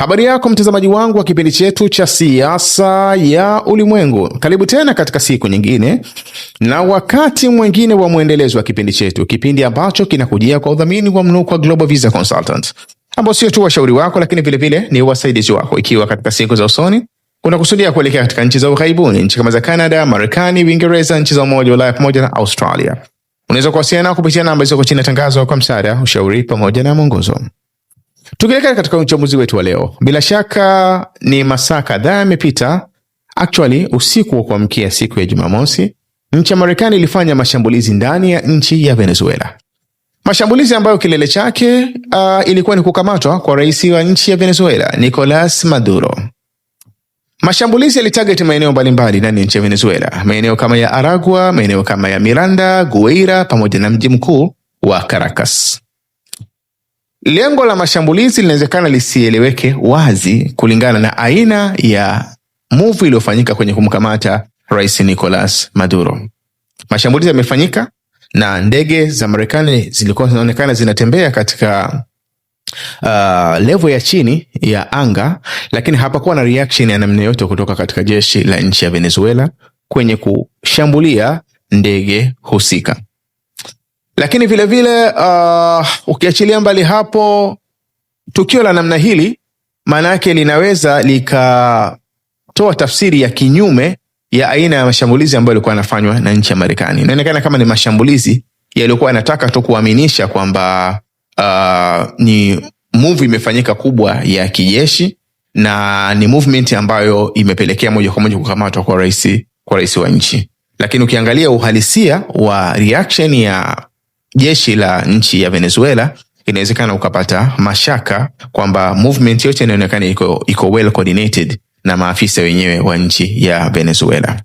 Habari yako mtazamaji wangu wa kipindi chetu cha siasa ya ulimwengu, karibu tena katika siku nyingine na wakati mwingine wa mwendelezo wa kipindi chetu, kipindi ambacho kinakujia kwa udhamini wa mnuko wa Global Visa Consultant, ambao sio tu washauri wako, lakini vilevile ni wasaidizi wako, ikiwa katika siku za usoni unakusudia kuelekea katika nchi za ughaibuni, nchi kama za Canada, Marekani, Uingereza, nchi za Umoja wa Ulaya pamoja na Australia. Unaweza kuwasiliana kupitia namba zilizoko chini ya tangazo kwa msaada, ushauri pamoja na mwongozo. Tukielekea katika uchambuzi wetu wa leo, bila shaka ni masaa kadhaa yamepita, actually usiku wa kuamkia siku ya Jumamosi, nchi ya Marekani ilifanya mashambulizi ndani ya nchi ya Venezuela, mashambulizi ambayo kilele chake uh, ilikuwa ni kukamatwa kwa rais wa nchi ya Venezuela Nicolas Maduro. Mashambulizi yalitageti maeneo mbalimbali ndani ya nchi ya Venezuela, maeneo kama ya Aragua, maeneo kama ya Miranda, Guaira pamoja na mji mkuu wa Caracas. Lengo la mashambulizi linawezekana lisieleweke wazi kulingana na aina ya muvi iliyofanyika kwenye kumkamata Rais Nicolas Maduro. Mashambulizi yamefanyika na ndege za Marekani zilikuwa zinaonekana zinatembea katika uh, levo ya chini ya anga, lakini hapakuwa na reaction ya namna yote kutoka katika jeshi la nchi ya Venezuela kwenye kushambulia ndege husika. Lakini vilevile uh, ukiachilia mbali hapo, tukio la namna hili maana yake linaweza likatoa tafsiri ya kinyume ya aina ya mashambulizi ambayo yalikuwa yanafanywa na nchi ya Marekani. Inaonekana kama ni mashambulizi yaliyokuwa yanataka tu kuaminisha kwamba uh, ni muvu imefanyika kubwa ya kijeshi na ni movement ambayo imepelekea moja kwa moja kukamatwa kwa rais kwa rais wa nchi, lakini ukiangalia uhalisia wa reaction ya jeshi la nchi ya Venezuela, inawezekana ukapata mashaka kwamba movement yote inaonekana iko, iko well coordinated na maafisa wenyewe wa nchi ya Venezuela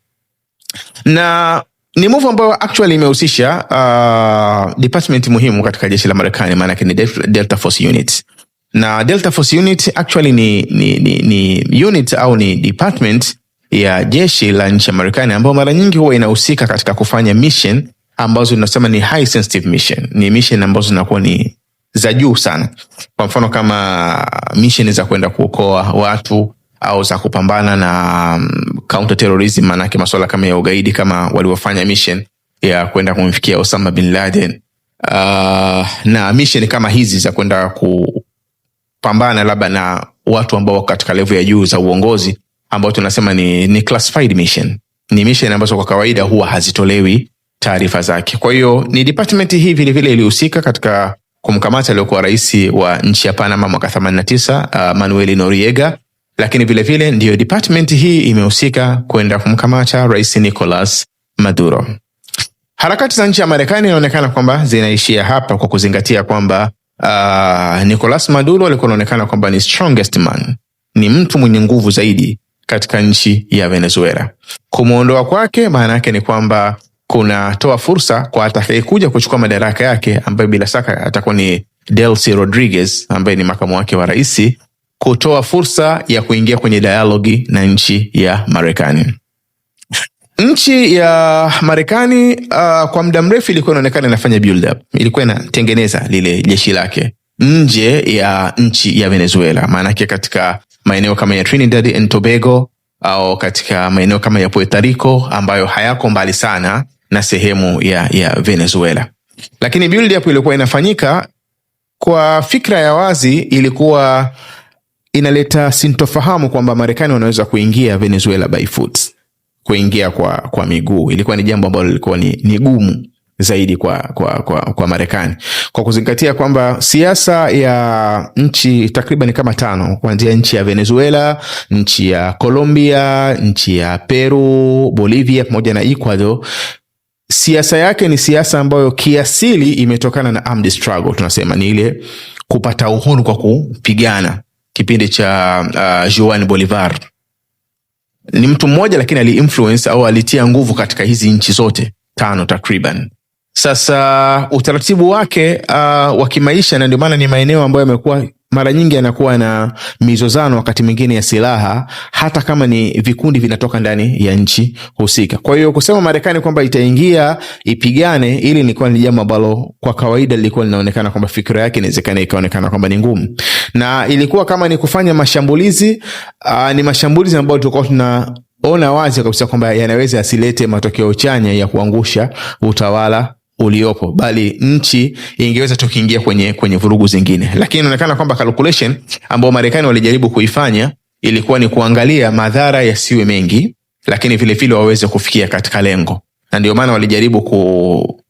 na ni move ambayo actually imehusisha uh, department muhimu katika jeshi la Marekani, maana yake ni Delta Force Unit. Na Delta Force Unit actually ni, ni, ni, ni unit au ni department ya jeshi la nchi ya Marekani ambayo mara nyingi huwa inahusika katika kufanya mission ambazo inasema ni high sensitive mission, ni mission ambazo zinakuwa ni za juu sana. Kwa mfano kama mission za kwenda kuokoa watu au za kupambana na um, counter terrorism, maanake masuala kama ya ugaidi, kama waliofanya mission ya kwenda kumfikia Osama bin Laden. Uh, na mission kama hizi za kwenda kupambana labda na watu ambao wako katika level ya juu za uongozi ambao tunasema ni, ni classified mission, ni mission ambazo kwa kawaida huwa hazitolewi taarifa zake. Kwa hiyo ni department hii vilevile ilihusika katika kumkamata aliyokuwa rais wa nchi ya Panama mwaka 89 uh, Manuel Noriega, lakini vilevile ndiyo department hii imehusika kwenda kumkamata rais Nicolas Maduro. Harakati za nchi ya Marekani inaonekana kwamba zinaishia hapa kwa kuzingatia kwamba uh, Nicolas Maduro alikuwa anaonekana kwamba ni strongest man, ni mtu mwenye nguvu zaidi katika nchi ya Venezuela. Kumwondoa kwake maana yake ni kwamba kunatoa fursa kwa atakayekuja kuchukua madaraka yake ambayo bila shaka atakuwa ni Delcy Rodriguez ambaye ni makamu wake wa rais kutoa fursa ya kuingia kwenye dialogi na nchi ya Marekani. Nchi ya Marekani uh, kwa muda mrefu ilikuwa inaonekana inafanya build up, ilikuwa inatengeneza lile jeshi lake nje ya nchi ya Venezuela, maanake katika maeneo kama ya Trinidad and Tobago au katika maeneo kama ya Puerto Rico ambayo hayako mbali sana na sehemu ya, ya Venezuela. Lakini build up iliokuwa inafanyika kwa fikra ya wazi, ilikuwa inaleta sintofahamu kwamba Marekani wanaweza kuingia Venezuela by foot, kuingia kwa, kwa miguu ilikuwa ni jambo ambalo lilikuwa ni, ni gumu zaidi kwa, kwa, kwa, kwa Marekani kwa kuzingatia kwamba siasa ya nchi takriban kama tano kuanzia nchi ya Venezuela, nchi ya Colombia, nchi ya Peru, Bolivia pamoja na Ecuador siasa yake ni siasa ambayo kiasili imetokana na armed struggle, tunasema ni ile kupata uhuru kwa kupigana kipindi cha uh, Juan Bolivar. Ni mtu mmoja lakini aliinfluence au alitia nguvu katika hizi nchi zote tano takriban. Sasa utaratibu wake uh, wa kimaisha, na ndio maana ni maeneo ambayo yamekuwa mara nyingi anakuwa na mizozano wakati mwingine ya silaha, hata kama ni vikundi vinatoka ndani ya nchi husika. Kwa hiyo kusema Marekani kwamba itaingia ipigane, ili ilikuwa ni jambo ambalo kwa kawaida lilikuwa linaonekana kwamba fikira yake inawezekana ikaonekana kwamba ni ngumu, na ilikuwa kama ni kufanya mashambulizi aa, ah, ni mashambulizi ambayo tulikuwa tuna ona wazi kabisa kwamba yanaweza yasilete matokeo chanya ya kuangusha utawala uliopo bali nchi ingeweza tu kuingia kwenye, kwenye vurugu zingine, lakini inaonekana kwamba calculation ambayo Marekani walijaribu kuifanya ilikuwa ni kuangalia madhara yasiwe mengi, lakini vilevile waweze kufikia katika lengo, na ndio maana walijaribu ku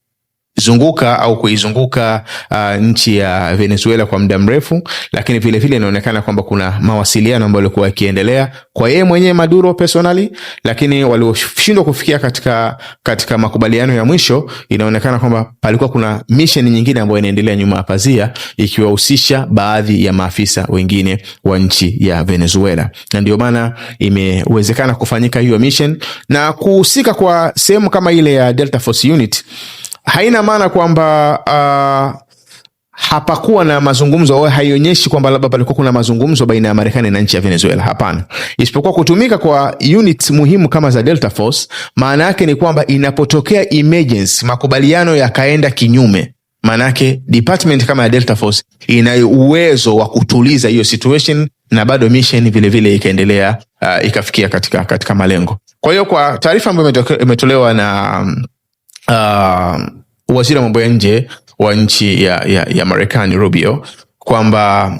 zunguka au kuizunguka uh, nchi ya Venezuela kwa muda mrefu, lakini vilevile inaonekana kwamba kuna mawasiliano ambayo yalikuwa yakiendelea kwa yeye mwenyewe Maduro personally, lakini walioshindwa kufikia katika, katika makubaliano ya mwisho, inaonekana kwamba palikuwa kuna misheni nyingine ambayo inaendelea nyuma ya pazia ikiwahusisha baadhi ya maafisa wengine wa nchi ya Venezuela, na ndio maana imewezekana kufanyika hiyo mission na kuhusika kwa sehemu kama ile ya Delta Force Unit haina maana kwamba uh, hapakuwa na mazungumzo au haionyeshi kwamba labda palikuwa kuna mazungumzo baina ya Marekani na nchi ya Venezuela. Hapana, isipokuwa kutumika kwa unit muhimu kama za Delta Force, maana yake ni kwamba inapotokea emergency, makubaliano yakaenda kinyume, maana yake department kama ya Delta Force ina uwezo wa kutuliza hiyo situation na bado mission vilevile ikaendelea, uh, ikafikia katika, katika malengo. Kwa hiyo kwa taarifa ambayo imetolewa na um, uh, waziri wa mambo ya nje wa nchi ya, ya, ya Marekani Rubio kwamba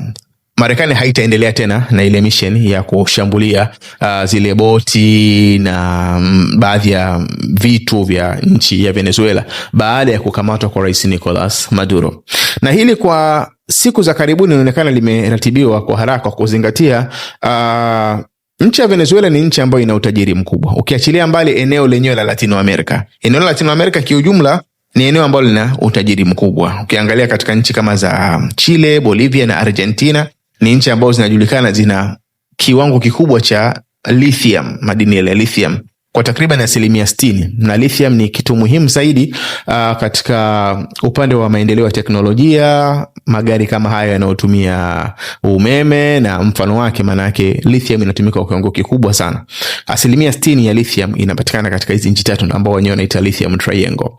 Marekani haitaendelea tena na ile misheni ya kushambulia uh, zile boti na mm, baadhi ya vitu vya nchi ya Venezuela baada ya kukamatwa kwa Rais Nicolas Maduro. Na hili kwa siku za karibuni inaonekana limeratibiwa kwa haraka kwa kuzingatia uh, Nchi ya Venezuela ni nchi ambayo ina utajiri mkubwa, ukiachilia mbali eneo lenyewe la Latino America. Eneo la Latino America kiujumla ni eneo ambalo lina utajiri mkubwa. Ukiangalia katika nchi kama za um, Chile, Bolivia na Argentina, ni nchi ambazo zinajulikana zina kiwango kikubwa cha lithium, madini ya lithium kwa takriban asilimia sitini na lithium ni kitu muhimu zaidi uh, katika upande wa maendeleo ya teknolojia, magari kama haya yanayotumia umeme na mfano wake. Maanake lithium inatumika kwa kiwango kikubwa sana. Asilimia sitini ya lithium inapatikana katika hizi nchi tatu ambao wenyewe wanaita lithium triangle.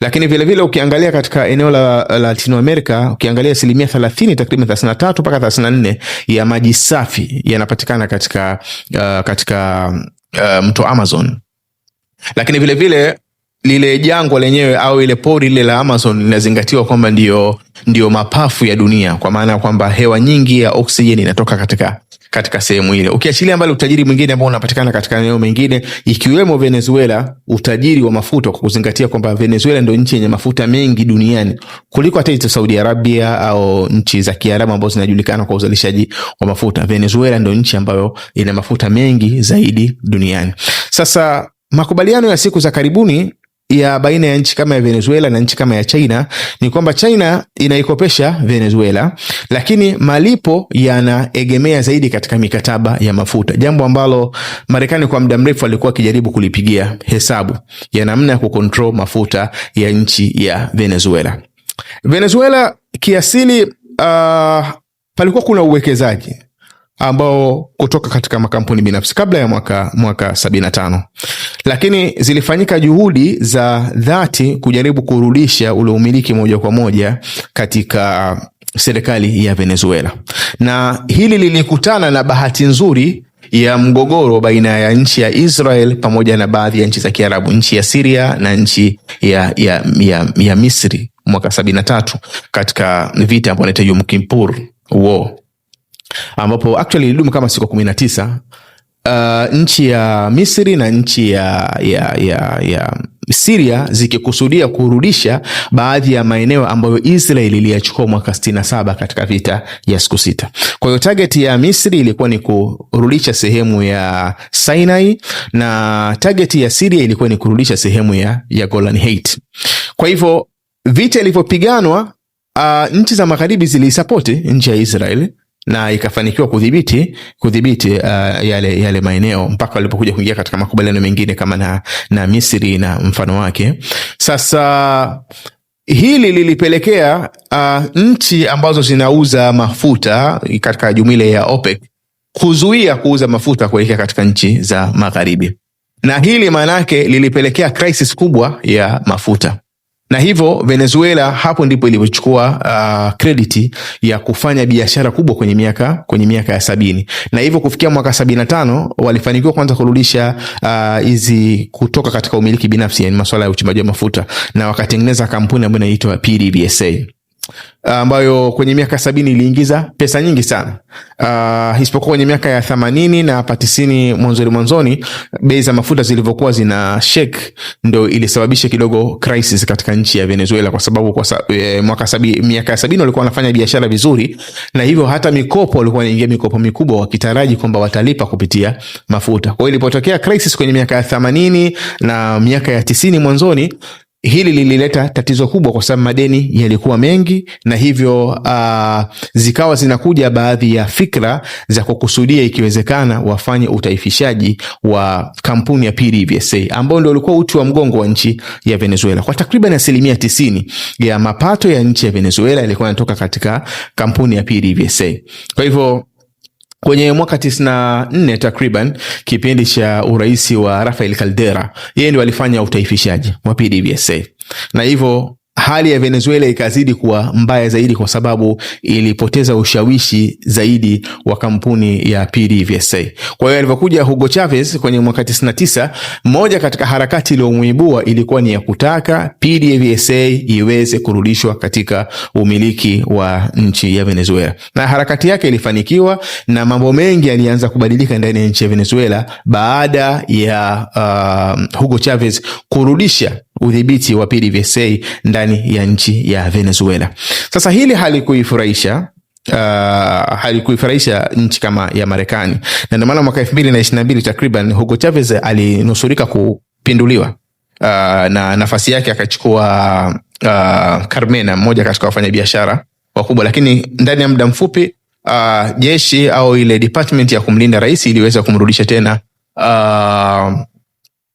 Lakini vilevile vile ukiangalia katika eneo la Latino America, ukiangalia asilimia thelathini takriban thelathini na tatu mpaka thelathini na nne ya maji safi yanapatikana katika, uh, katika uh, mto Amazon, lakini vilevile lile jangwa lenyewe au ile pori lile la Amazon linazingatiwa kwamba ndiyo, ndio mapafu ya dunia, kwa maana ya kwamba hewa nyingi ya oksijeni inatoka katika katika sehemu ile, ukiachilia mbali utajiri mwingine ambao unapatikana katika maeneo mengine ikiwemo Venezuela, utajiri wa mafuta, kwa kuzingatia kwamba Venezuela ndio nchi yenye mafuta mengi duniani kuliko hata hizo Saudi Arabia au nchi za Kiarabu ambazo zinajulikana kwa uzalishaji wa mafuta. Venezuela ndio nchi ambayo ina mafuta mengi zaidi duniani. Sasa makubaliano ya siku za karibuni ya baina ya nchi kama ya Venezuela na nchi kama ya China ni kwamba China inaikopesha Venezuela, lakini malipo yanaegemea zaidi katika mikataba ya mafuta, jambo ambalo Marekani kwa muda mrefu alikuwa akijaribu kulipigia hesabu ya namna ya kukontrol mafuta ya nchi ya Venezuela. Venezuela kiasili, uh, palikuwa kuna uwekezaji ambao kutoka katika makampuni binafsi kabla ya mwaka mwaka 75, lakini zilifanyika juhudi za dhati kujaribu kurudisha ule umiliki moja kwa moja katika um, serikali ya Venezuela, na hili lilikutana na bahati nzuri ya mgogoro baina ya nchi ya Israel pamoja na baadhi ya nchi za Kiarabu, nchi ya Siria na nchi ya, ya, ya, ya Misri mwaka tatu katika vita ambayo inaitwa Yom Kippur War ambapo actually ilidumu kama siku kumi na tisa. Uh, nchi ya Misri na nchi ya, ya, ya, ya Siria zikikusudia kurudisha baadhi ya maeneo ambayo israel iliyachukua mwaka saba katika vita ya siku sita. Kwa hiyo tageti ya Misri ilikuwa ni kurudisha sehemu ya Sinai na tageti ya Siria ilikuwa ni kurudisha sehemu ya, ya Golan hat Kwa hivyo vita ilivyopiganwa, uh, nchi za magharibi zilisapoti nchi ya israel na ikafanikiwa kudhibiti kudhibiti uh, yale yale maeneo mpaka walipokuja kuingia katika makubaliano mengine kama na, na Misri na mfano wake. Sasa hili lilipelekea uh, nchi ambazo zinauza mafuta katika jumuiya ya OPEC kuzuia kuuza mafuta kuelekea katika nchi za magharibi, na hili maana yake lilipelekea crisis kubwa ya mafuta na hivyo Venezuela hapo ndipo ilipochukua uh, krediti ya kufanya biashara kubwa kwenye miaka kwenye miaka ya sabini, na hivyo kufikia mwaka sabini na tano walifanikiwa kwanza kurudisha uh, hizi uh, kutoka katika umiliki binafsi, yani masuala ya uchimbaji wa mafuta, na wakatengeneza kampuni ambayo inaitwa PDVSA ambayo kwenye miaka sabini iliingiza pesa nyingi sana uh, isipokuwa kwenye miaka ya themanini na hapa tisini mwanzoni mwanzoni bei za mafuta zilivyokuwa zina shek ndo ilisababisha kidogo crisis katika nchi ya Venezuela kwa sababu kwa sa, e, mwaka sabi, miaka ya sabini walikuwa wanafanya biashara vizuri, na hivyo hata mikopo walikuwa wanaingia mikopo mikubwa wakitaraji kwamba watalipa kupitia mafuta. Kwa hiyo ilipotokea crisis kwenye miaka ya themanini na miaka ya tisini mwanzoni Hili lilileta tatizo kubwa, kwa sababu madeni yalikuwa mengi, na hivyo uh, zikawa zinakuja baadhi ya fikra za kukusudia, ikiwezekana wafanye utaifishaji wa kampuni ya PDVSA ambao ndio ulikuwa uti wa mgongo wa nchi ya Venezuela. Kwa takriban asilimia tisini ya mapato ya nchi ya Venezuela yalikuwa yanatoka katika kampuni ya PDVSA. Kwa hivyo kwenye mwaka 94 takriban kipindi cha urais wa Rafael Caldera, yeye ndio alifanya utaifishaji wa PDVSA na hivyo hali ya Venezuela ikazidi kuwa mbaya zaidi, kwa sababu ilipoteza ushawishi zaidi wa kampuni ya PDVSA. Kwa hiyo alivyokuja Hugo Chavez kwenye mwaka 99, moja katika harakati iliyomuibua ilikuwa ni ya kutaka PDVSA iweze kurudishwa katika umiliki wa nchi ya Venezuela, na harakati yake ilifanikiwa na mambo mengi yalianza kubadilika ndani ya nchi ya Venezuela baada ya uh, Hugo Chavez kurudisha udhibiti wa PDVSA ndani ya nchi ya Venezuela. Sasa hili halikuifurahisha Uh, halikuifurahisha nchi kama ya Marekani na ndio maana mwaka elfu mbili na ishirini na mbili takriban Hugo Chavez alinusurika kupinduliwa uh, na nafasi yake akachukua uh, Carmena, mmoja katika wafanyabiashara wakubwa, lakini ndani ya muda mfupi uh, jeshi au ile department ya kumlinda rais iliweza kumrudisha tena uh,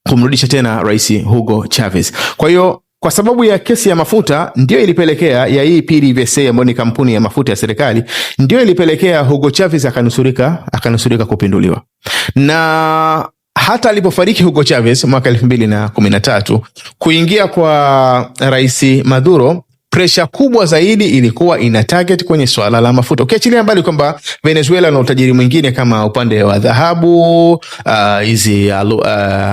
kumrudisha tena Rais Hugo Chavez. Kwa hiyo kwa sababu ya kesi ya mafuta ndiyo ilipelekea ya hii PDVSA ambayo ni kampuni ya mafuta ya serikali, ndio ilipelekea Hugo Chavez akanusurika, akanusurika kupinduliwa na hata alipofariki Hugo Chavez mwaka elfu mbili na kumi na tatu kuingia kwa Rais Maduro presha kubwa zaidi ilikuwa ina target kwenye swala la mafuta, ukiachilia mbali kwamba Venezuela na utajiri mwingine kama upande wa dhahabu ah, hizi, uh, uh,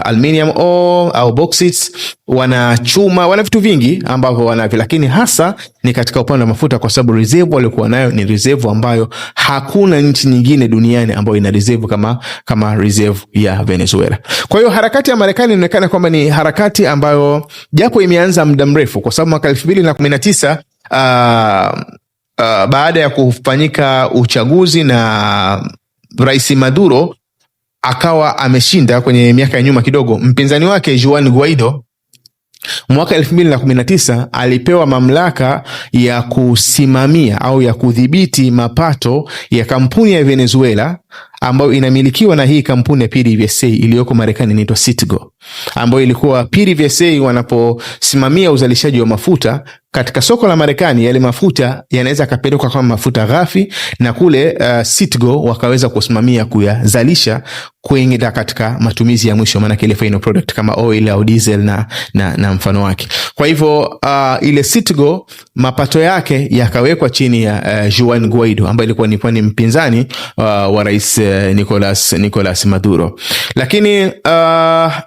aluminium ore au bauxite, wana chuma, wana vitu vingi ambavyo wanavyo, lakini hasa ni katika upande wa mafuta, kwa sababu reserve waliokuwa nayo ni reserve ambayo hakuna nchi nyingine duniani ambayo ina reserve kama, kama reserve ya Venezuela. Kwa hiyo harakati ya Marekani inaonekana kwamba ni harakati ambayo japo imeanza muda mrefu, kwa sababu mwaka elfu mbili na kumi na tisa uh, uh, baada ya kufanyika uchaguzi na Rais Maduro akawa ameshinda kwenye miaka ya nyuma kidogo, mpinzani wake Juan Guaido Mwaka tisa alipewa mamlaka ya kusimamia au ya kudhibiti mapato ya kampuni ya Venezuela ambayo inamilikiwa na hii kampuni ya PDVSA iliyoko Marekani inaitwa Citgo, ambayo ilikuwa PDVSA wanaposimamia uzalishaji wa mafuta katika soko la Marekani, yale mafuta yanaweza yakapelekwa kama mafuta ghafi na kule uh, Citgo wakaweza kusimamia kuyazalisha kuingia katika matumizi ya mwisho, maana ile final product kama oil au diesel na, na, na mfano wake. Kwa hivyo uh, ile Citgo mapato yake yakawekwa chini ya uh, Juan Guaido ambaye ilikuwa ni mpinzani uh, wa rais uh, Eh, Nicolas, Nicolas Maduro. Lakini uh,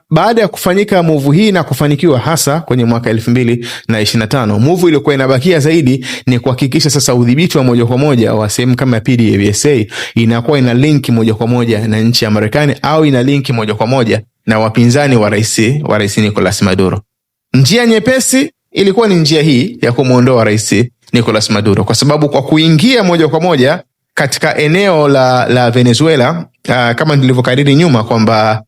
baada ya kufanyika muvu hii na kufanikiwa hasa kwenye mwaka elfu mbili na ishirini na tano, muvu iliyokuwa inabakia zaidi ni kuhakikisha sasa udhibiti wa moja kwa moja wa sehemu kama ya PDVSA inakuwa ina linki moja kwa moja na nchi ya Marekani au ina linki moja kwa moja na wapinzani wa rais wa rais Nicolas Maduro. Njia nyepesi ilikuwa ni njia hii ya kumwondoa rais Nicolas Maduro, kwa sababu kwa kuingia moja kwa moja katika eneo la, la Venezuela uh, kama nilivyokariri nyuma kwamba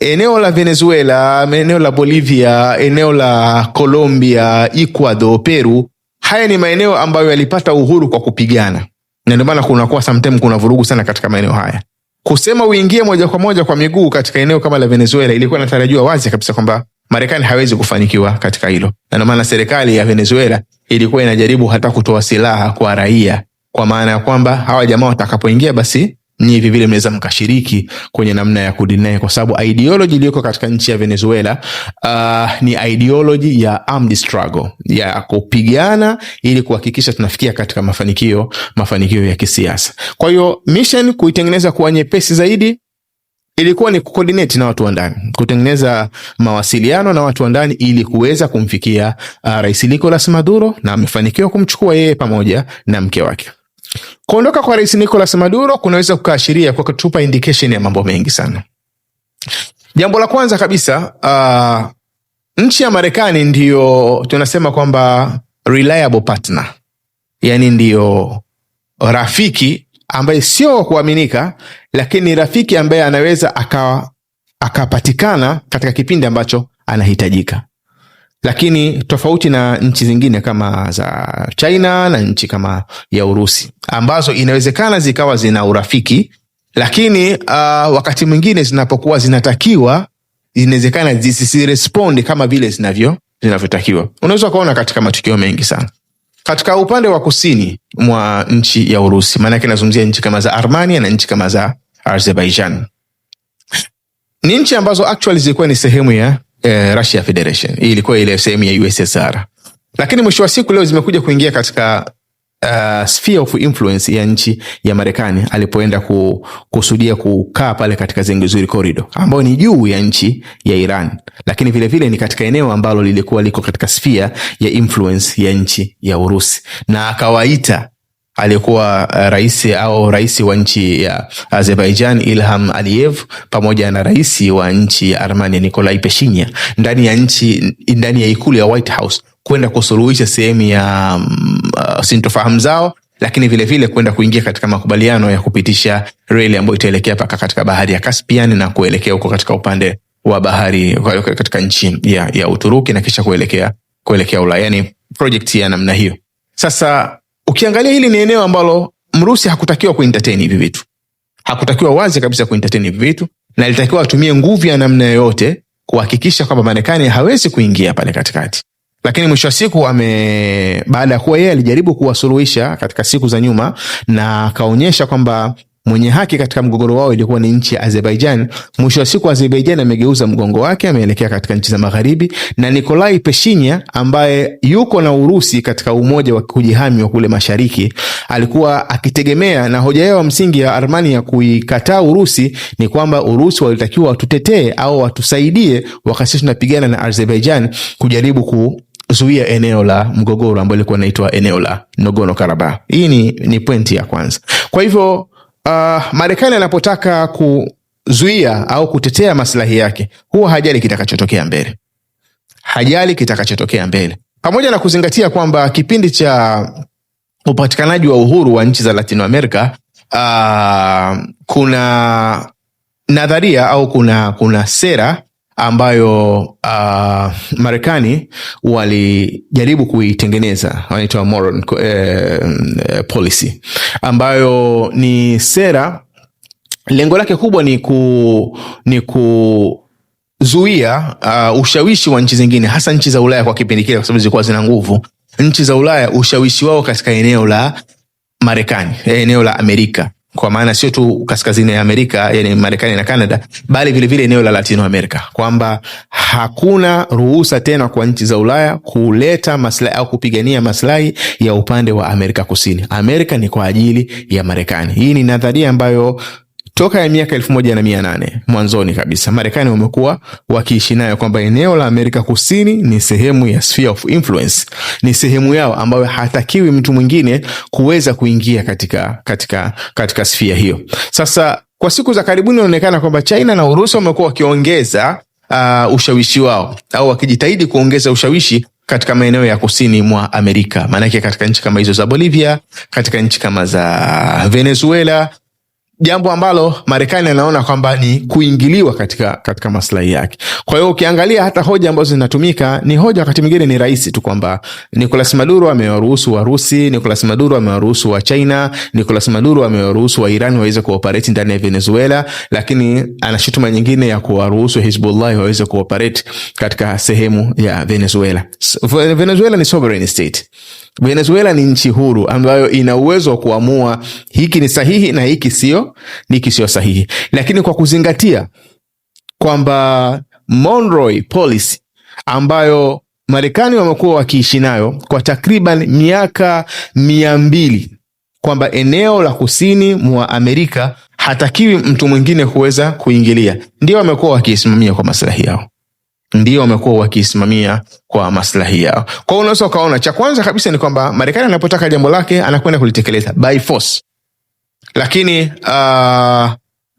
eneo la Venezuela, eneo la Bolivia, eneo la Colombia, Ecuador, Peru, haya ni maeneo ambayo yalipata uhuru kwa kupigana, na ndio maana kunakuwa sometimes kuna vurugu sana katika maeneo haya. Kusema uingie moja kwa moja kwa miguu katika eneo kama la Venezuela ilikuwa inatarajiwa wazi kabisa kwamba Marekani hawezi kufanikiwa katika hilo, na ndio maana serikali ya Venezuela ilikuwa inajaribu hata kutoa silaha kwa raia kwa maana ya kwamba hawa jamaa watakapoingia, basi nyinyi vivile mnaweza mkashiriki kwenye namna ya kudinai, kwa sababu ideology iliyoko katika nchi ya Venezuela uh, ni ideology ya armed struggle, ya kupigana ili kuhakikisha tunafikia katika mafanikio, mafanikio ya kisiasa. Kwa hiyo mission kuitengeneza kuwa nyepesi zaidi ilikuwa ni kukoordinate na watu wa ndani, kutengeneza mawasiliano na watu wa ndani ili kuweza kumfikia uh, Rais Nicolas Maduro, na amefanikiwa kumchukua yeye pamoja na mke wake. Kuondoka kwa rais Nicolas Maduro kunaweza kukaashiria kwa kutupa indication ya mambo mengi sana. Jambo la kwanza kabisa, uh, nchi ya Marekani ndiyo tunasema kwamba reliable partner, yani ndiyo rafiki ambaye sio wa kuaminika, lakini rafiki ambaye anaweza akapatikana katika kipindi ambacho anahitajika lakini tofauti na nchi zingine kama za China na nchi kama ya Urusi ambazo inawezekana zikawa zina urafiki, lakini uh, wakati mwingine zinapokuwa zinatakiwa inawezekana zisirespondi kama vile zinavyo zinavyotakiwa. Unaweza ukaona katika matukio mengi sana katika upande wa kusini mwa nchi ya Urusi, maanake nazungumzia nchi kama za armania na nchi kama za Azerbaijan. Ni nchi ambazo actually zilikuwa ni sehemu ya Eh, Russia Federation. Hii ilikuwa ile sehemu ya USSR, lakini mwisho wa siku leo zimekuja kuingia katika uh, sphere of influence ya nchi ya Marekani alipoenda kukusudia kukaa pale katika Zengizuri corridor ambayo ni juu ya nchi ya Iran, lakini vilevile vile ni katika eneo ambalo lilikuwa liko katika sphere ya influence ya nchi ya Urusi na akawaita aliyekuwa eh, rais au rais wa nchi ya Azerbaijan Ilham Aliyev pamoja na rais wa nchi ya Armenia Nikolai peshinya ndani ya nchi ndani ya ikulu ya White House kwenda kusuluhisha sehemu ya mm, uh, sintofahamu zao lakini vilevile kwenda kuingia katika makubaliano ya kupitisha reli ambayo itaelekea paka katika bahari ya Caspian na kuelekea huko katika upande wa bahari katika nchi ya, ya Uturuki na kisha kuelekea kuelekea Ulaya, yani project ya namna hiyo. Sasa Ukiangalia hili ni eneo ambalo Mrusi hakutakiwa kuentertain hivi vitu, hakutakiwa wazi kabisa kuentertain hivi vitu, na ilitakiwa atumie nguvu ya namna yoyote kuhakikisha kwamba Marekani hawezi kuingia pale katikati, lakini mwisho wa siku ame, baada ya kuwa yeye alijaribu kuwasuluhisha katika siku za nyuma na akaonyesha kwamba Mwenye haki katika mgogoro wao ilikuwa ni nchi ya Azerbaijan. Mwisho wa siku, Azerbaijan amegeuza mgongo wake, ameelekea katika nchi za magharibi, na Nikolai Peshinya ambaye yuko na Urusi katika umoja wa kujihami wa kule mashariki alikuwa akitegemea, na hoja yao msingi ya Armenia kuikataa Urusi ni kwamba Urusi walitakiwa watutetee au watusaidie wakati tunapigana na Azerbaijan kujaribu ku zuia eneo la mgogoro ambalo lilikuwa linaitwa eneo la Nagorno Karabakh. Hii ni, ni pointi ya kwanza. Kwa hivyo uh, Marekani anapotaka kuzuia au kutetea maslahi yake huwa hajali kitakachotokea mbele, hajali kitakachotokea mbele, pamoja na kuzingatia kwamba kipindi cha upatikanaji wa uhuru wa nchi za Latino Amerika uh, ah, kuna nadharia au kuna kuna sera ambayo uh, Marekani walijaribu kuitengeneza, wanaitwa moron eh, policy, ambayo ni sera, lengo lake kubwa ni ku, ni ku zuia uh, ah, ushawishi wa nchi zingine hasa nchi za Ulaya kwa kipindi kile, kwa sababu zilikuwa zina nguvu nchi za Ulaya, ushawishi wao katika eneo la Marekani, eneo la Amerika kwa maana sio tu kaskazini ya Amerika, yani Marekani na Canada, bali vilevile eneo la Latino America, kwamba hakuna ruhusa tena kwa nchi za Ulaya kuleta maslahi au kupigania maslahi ya upande wa Amerika Kusini. Amerika ni kwa ajili ya Marekani. Hii ni nadharia ambayo toka ya miaka elfu moja na mia nane mwanzoni kabisa Marekani wamekuwa wakiishi nayo kwamba eneo la Amerika Kusini ni sehemu ya sphere of influence, ni sehemu yao ambayo hatakiwi mtu mwingine kuweza kuingia katika, katika, katika sphere hiyo. Sasa kwa siku za karibuni inaonekana kwamba China na Urusi wamekuwa wakiongeza uh, ushawishi wao au wakijitahidi kuongeza ushawishi katika maeneo ya kusini mwa Amerika, maanake katika nchi kama hizo za Bolivia, katika nchi kama za Venezuela jambo ambalo Marekani anaona kwamba ni kuingiliwa katika, katika maslahi yake. Kwa hiyo ukiangalia hata hoja ambazo zinatumika ni hoja wakati mwingine ni rahisi tu kwamba Nicolas Maduro amewaruhusu Warusi, Nicolas Maduro amewaruhusu wa China, Nicolas Maduro amewaruhusu wa Iran waweze kuoperate ndani ya Venezuela, lakini ana shutuma nyingine ya kuwaruhusu Hizbullah waweze kuoperate katika sehemu ya Venezuela. Venezuela ni sovereign state. Venezuela ni nchi huru ambayo ina uwezo wa kuamua hiki ni sahihi na hiki sio, hiki sio sahihi, lakini kwa kuzingatia kwamba monroy policy ambayo Marekani wamekuwa wakiishi nayo kwa takriban miaka mia mbili kwamba eneo la kusini mwa Amerika hatakiwi mtu mwingine kuweza kuingilia, ndio wamekuwa wakiisimamia kwa maslahi yao ndio wamekuwa wakisimamia kwa maslahi yao. Kwa hiyo unaweza ukaona cha kwanza kabisa ni kwamba Marekani anapotaka jambo lake anakwenda kulitekeleza by force, lakini uh,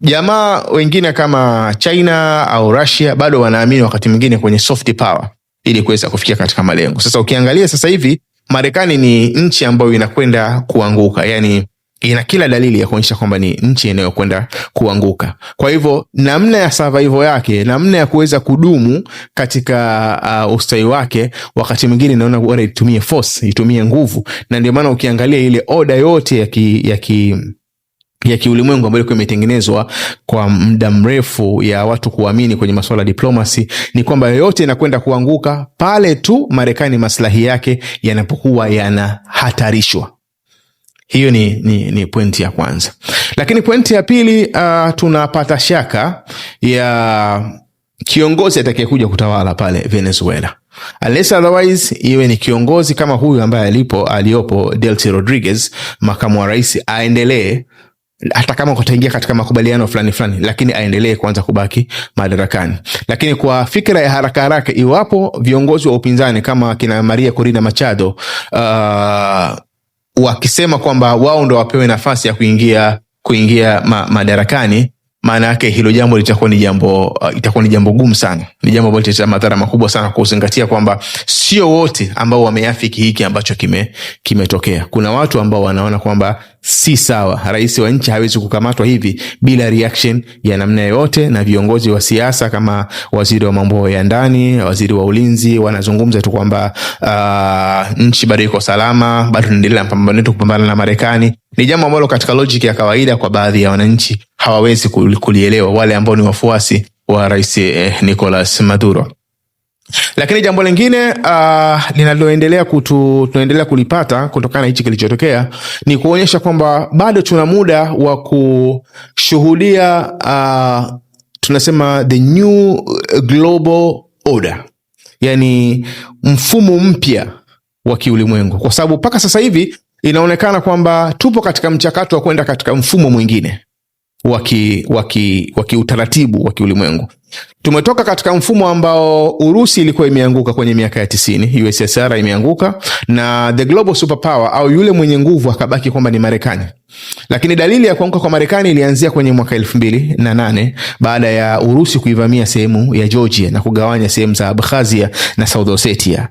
jamaa wengine kama China au Russia bado wanaamini wakati mwingine kwenye soft power ili kuweza kufikia katika malengo. Sasa ukiangalia sasa hivi Marekani ni nchi ambayo inakwenda kuanguka, yani ina kila dalili ya kuonyesha kwamba ni nchi inayokwenda kuanguka. Kwa hivyo namna ya survival yake, namna ya kuweza kudumu katika uh, ustawi wake, wakati mwingine inaona bora itumie force, itumie nguvu, na ndio maana ukiangalia ile oda yote ya ki, ya ki, ya kiulimwengu ambayo ilikuwa imetengenezwa kwa muda mrefu ya watu kuamini kwenye masuala ya diplomasi ni kwamba yoyote inakwenda kuanguka pale tu Marekani maslahi yake yanapokuwa yanahatarishwa. Hiyo ni, ni, ni pointi ya kwanza, lakini pointi ya pili uh, tunapata shaka ya kiongozi atakayekuja kutawala pale Venezuela unless otherwise iwe ni kiongozi kama huyu ambaye alipo aliyopo Delcy Rodriguez, makamu wa rais, aendelee hata kama kutaingia katika makubaliano fulani fulani, lakini aendelee kuanza kubaki madarakani. Lakini kwa fikra ya haraka haraka, iwapo viongozi wa upinzani kama kina Maria Corina Machado uh, wakisema kwamba wao ndo wapewe nafasi ya kuingia kuingia ma, madarakani, maana yake hilo jambo litakuwa ni jambo uh, itakuwa ni jambo gumu sana, ni jambo ambalo litaleta madhara makubwa sana, kwa kuzingatia kwamba sio wote ambao wameafiki hiki ambacho kimetokea kime. Kuna watu ambao wanaona kwamba si sawa. Rais wa nchi hawezi kukamatwa hivi bila reaction ya namna yoyote, na viongozi wa siasa kama waziri wa mambo ya ndani, waziri wa ulinzi wanazungumza tu kwamba uh, nchi bado iko salama, bado tunaendelea na pambano kupambana na Marekani. Ni jambo ambalo katika logic ya kawaida kwa baadhi ya wananchi hawawezi kulielewa, wale ambao ni wafuasi wa rais eh, Nicolas Maduro. Lakini jambo lingine uh, linaloendelea tunaendelea kulipata kutokana na hichi kilichotokea ni kuonyesha kwamba bado tuna muda wa kushuhudia uh, tunasema the new global order, yani mfumo mpya wa kiulimwengu, kwa sababu mpaka sasa hivi inaonekana kwamba tupo katika mchakato wa kwenda katika mfumo mwingine wakiutaratibu kiutaratibu wa kiulimwengu. Tumetoka katika mfumo ambao Urusi ilikuwa imeanguka kwenye miaka ya tisini, USSR imeanguka na the global superpower au yule mwenye nguvu akabaki kwamba ni Marekani. Lakini dalili ya kuanguka kwa Marekani ilianzia kwenye mwaka elfu mbili na nane baada ya Urusi kuivamia sehemu ya Georgia na kugawanya sehemu za Abkhazia na South Ossetia.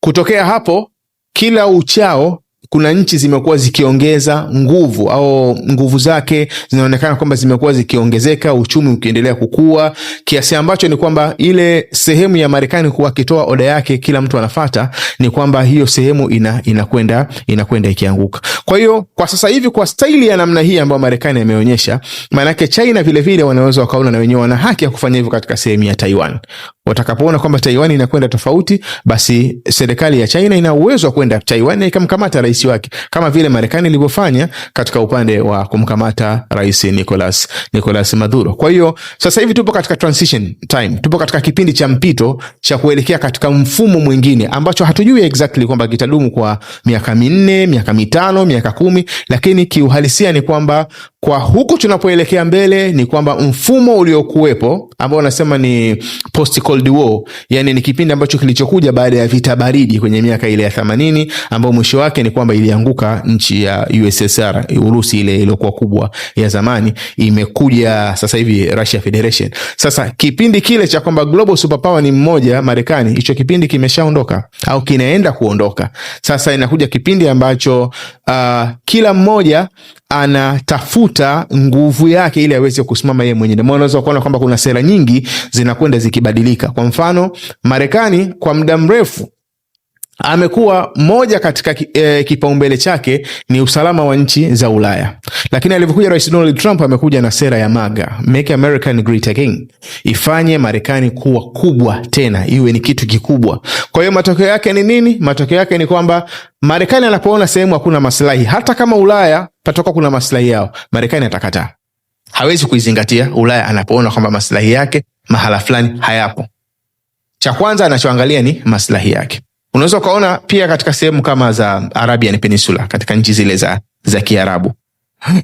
Kutokea hapo kila uchao kuna nchi zimekuwa zikiongeza nguvu au nguvu zake zinaonekana kwamba zimekuwa zikiongezeka, uchumi ukiendelea kukua, kiasi ambacho ni kwamba ile sehemu ya Marekani kuwa akitoa oda yake kila mtu anafata, ni kwamba hiyo sehemu ina inakwenda inakwenda ikianguka. Kwa hiyo kwa sasa hivi kwa staili ya namna hii ambayo Marekani ameonyesha, maanake China vilevile wanaweza wakaona na wenyewe wana haki ya kufanya hivyo katika sehemu ya Taiwan. Watakapoona kwamba Taiwan inakwenda tofauti, basi serikali ya China ina uwezo wa kwenda Taiwan na ikamkamata rais wake, kama vile Marekani ilivyofanya katika upande wa kumkamata rais Nicolas, Nicolas Maduro. Kwa hiyo sasa hivi tupo katika transition time, tupo katika kipindi cha mpito cha kuelekea katika mfumo mwingine ambacho hatujui exactly kwamba kitadumu kwa miaka minne, miaka mitano, miaka kumi, lakini kiuhalisia ni kwamba kwa huku tunapoelekea mbele ni kwamba mfumo uliokuwepo ambao unasema ni post Cold War, yani ni kipindi ambacho kilichokuja baada ya vita baridi kwenye miaka ile ya 80 ambayo mwisho wake ni kwamba ilianguka nchi ya USSR, Urusi ile iliyokuwa kubwa ya zamani, imekuja sasa hivi Russia Federation. Sasa kipindi kile cha kwamba global superpower ni mmoja Marekani, hicho kipindi kimeshaondoka au kinaenda kuondoka. Sasa inakuja kipindi ambacho uh, kila mmoja anatafuta nguvu yake ili aweze kusimama yeye mwenyewe. Ndio maana unaweza kuona kwamba kuna sera nyingi zinakwenda zikibadilika. Kwa mfano, Marekani kwa muda mrefu amekuwa moja katika e, kipaumbele chake ni usalama wa nchi za Ulaya, lakini alivyokuja Rais Donald Trump amekuja na sera ya MAGA, Make America Great Again, ifanye Marekani kuwa kubwa tena, iwe ni kitu kikubwa. Kwa hiyo matokeo yake ni nini? Matokeo yake ni kwamba Marekani anapoona sehemu hakuna maslahi, hata kama Ulaya patoka kuna maslahi yao, Marekani atakataa, hawezi kuizingatia Ulaya anapoona kwamba maslahi yake mahala fulani hayapo. Cha kwanza anachoangalia ni maslahi yake. Unaweza ukaona pia katika sehemu kama za Arabian Peninsula, katika nchi zile za, za Kiarabu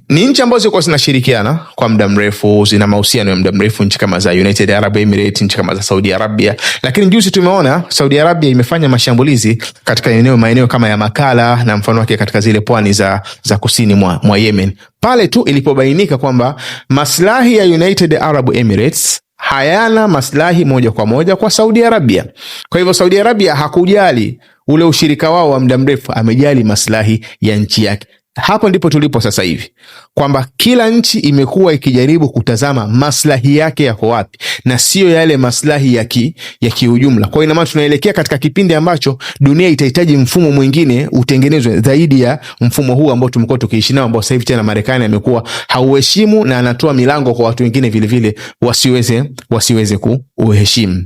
ni nchi ambazo zilikuwa zinashirikiana kwa muda mrefu, zina mahusiano ya muda mrefu, nchi kama za United Arab emirate nchi kama za Saudi Arabia. Lakini juzi tumeona Saudi Arabia imefanya mashambulizi katika eneo maeneo kama ya Makala na mfano wake katika zile pwani za, za kusini mwa, mwa Yemen, pale tu ilipobainika kwamba maslahi ya United Arab Emirates hayana maslahi moja kwa moja kwa Saudi Arabia. Kwa hivyo Saudi Arabia hakujali ule ushirika wao wa muda mrefu, amejali maslahi ya nchi yake. Hapo ndipo tulipo sasa hivi, kwamba kila nchi imekuwa ikijaribu kutazama maslahi yake yako wapi na siyo yale maslahi ya ki, ya kiujumla. Kwa hiyo ina maana tunaelekea katika kipindi ambacho dunia itahitaji mfumo mwingine utengenezwe zaidi ya mfumo huu ambao tumekuwa tukiishi nao, ambao sasa hivi tena Marekani amekuwa hauheshimu na anatoa milango kwa watu wengine vilevile wasiweze, wasiweze kuuheshimu.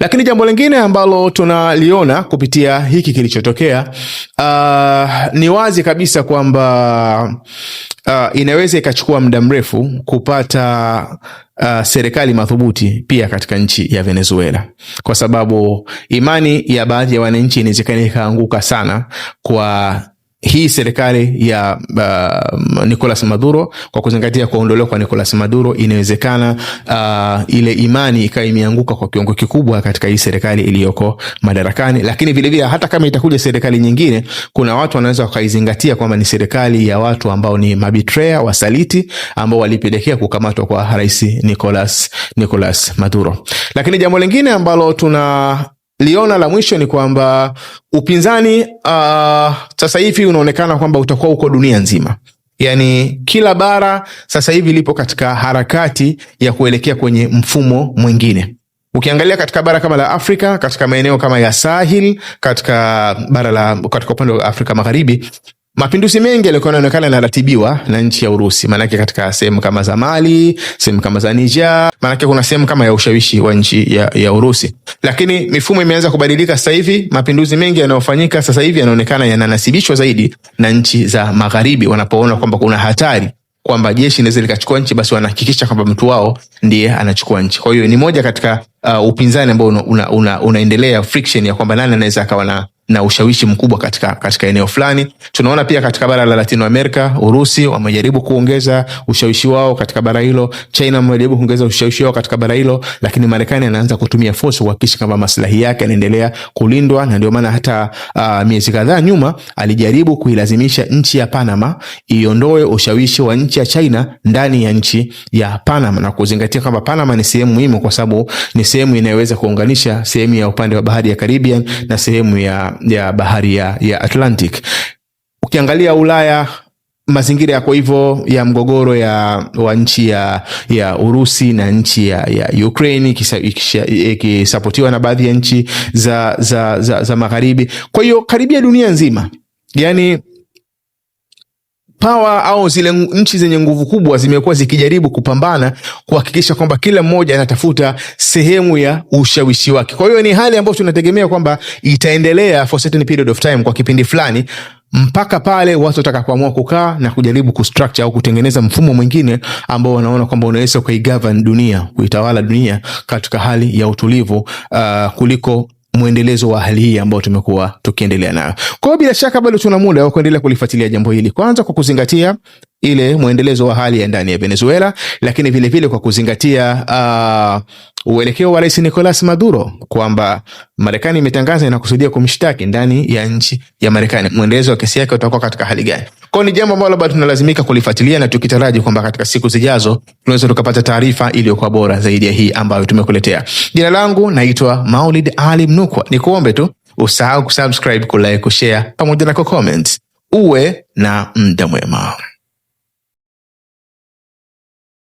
Lakini jambo lingine ambalo tunaliona kupitia hiki kilichotokea, uh, ni wazi kabisa kwamba uh, inaweza ikachukua muda mrefu kupata uh, serikali madhubuti pia katika nchi ya Venezuela, kwa sababu imani ya baadhi ya wananchi inawezekana ikaanguka sana kwa hii serikali ya uh, Nicolas Maduro kwa kuzingatia kuondolewa kwa Nicolas Maduro, inawezekana uh, ile imani ikawa imeanguka kwa kiwango kikubwa katika hii serikali iliyoko madarakani. Lakini vilevile hata kama itakuja serikali nyingine, kuna watu wanaweza wakaizingatia kwamba ni serikali ya watu ambao ni mabitrea, wasaliti ambao walipelekea kukamatwa kwa rais Nicolas Nicolas Maduro. Lakini jambo lingine ambalo tuna liona la mwisho ni kwamba upinzani uh, hivi unaonekana kwamba utakuwa uko dunia nzima. Yani kila bara sasa hivi lipo katika harakati ya kuelekea kwenye mfumo mwingine. Ukiangalia katika bara kama la Afrika, katika maeneo kama ya Sahil, katika bara la katika upande wa Afrika Magharibi, Mapinduzi mengi yalikuwa yanaonekana yanaratibiwa na nchi ya Urusi, maanake katika sehemu kama za Mali, sehemu kama za Nija, maanake kuna sehemu kama ya ushawishi wa nchi ya, ya Urusi. Lakini mifumo imeanza kubadilika sasa hivi. Mapinduzi mengi yanayofanyika sasa hivi yanaonekana yananasibishwa zaidi na nchi za Magharibi, wanapoona kwamba kuna hatari kwamba jeshi inaweza likachukua nchi, basi wanahakikisha kwamba mtu wao ndiye anachukua nchi. Kwa hiyo ni moja katika uh, upinzani ambao una, una, friction ya kwamba nani anaweza akawa na na ushawishi mkubwa katika, katika eneo fulani. Tunaona pia katika bara la Latino America, Urusi wamejaribu kuongeza ushawishi wao katika bara hilo, China wamejaribu kuongeza ushawishi wao katika bara hilo, lakini Marekani anaanza kutumia force kuhakikisha kwamba maslahi yake yanaendelea kulindwa, na ndio maana hata uh, miezi kadhaa nyuma alijaribu kuilazimisha nchi ya Panama iondoe ushawishi wa nchi ya China ndani ya nchi ya Panama na kuzingatia kwamba Panama ni sehemu muhimu kwa sababu ni sehemu inayoweza kuunganisha sehemu ya upande wa bahari ya Caribbean na sehemu ya ya bahari ya, ya Atlantic. Ukiangalia Ulaya mazingira yako hivyo ya mgogoro ya wa nchi ya, ya Urusi na nchi ya, ya Ukraine ikisapotiwa na baadhi ya nchi za, za, za, za magharibi. Kwa hiyo karibia dunia nzima yani pawa au zile nchi zenye nguvu kubwa zimekuwa zikijaribu kupambana kuhakikisha kwamba kila mmoja anatafuta sehemu ya ushawishi wake. Kwa hiyo ni hali ambayo tunategemea kwamba itaendelea for certain period of time, kwa kipindi fulani mpaka pale watu watakapoamua kukaa na kujaribu kustructure au kutengeneza mfumo mwingine ambao wanaona kwamba unaweza ukaigovern dunia, kuitawala dunia katika hali ya utulivu uh, kuliko mwendelezo wa hali hii ambayo tumekuwa tukiendelea nayo. Kwa hiyo bila shaka bado tuna muda wa kuendelea kulifuatilia jambo hili, kwanza kwa kuzingatia ile mwendelezo wa hali ya ndani ya Venezuela, lakini vilevile vile kwa kuzingatia uh, uelekeo wa Rais Nicolas Maduro kwamba Marekani imetangaza inakusudia kumshtaki ndani ya nchi ya Marekani. Mwendelezo wa kesi yake utakuwa katika hali gani? Kwao ni jambo ambalo bado tunalazimika kulifuatilia na tukitaraji kwamba katika siku zijazo tunaweza tukapata taarifa iliyokuwa bora zaidi ya hii ambayo tumekuletea. Jina langu naitwa Maulid Ali Mnukwa, ni kuombe tu usahau kusubscribe, kulike, kushare pamoja na kucomment. Uwe na mda mwema.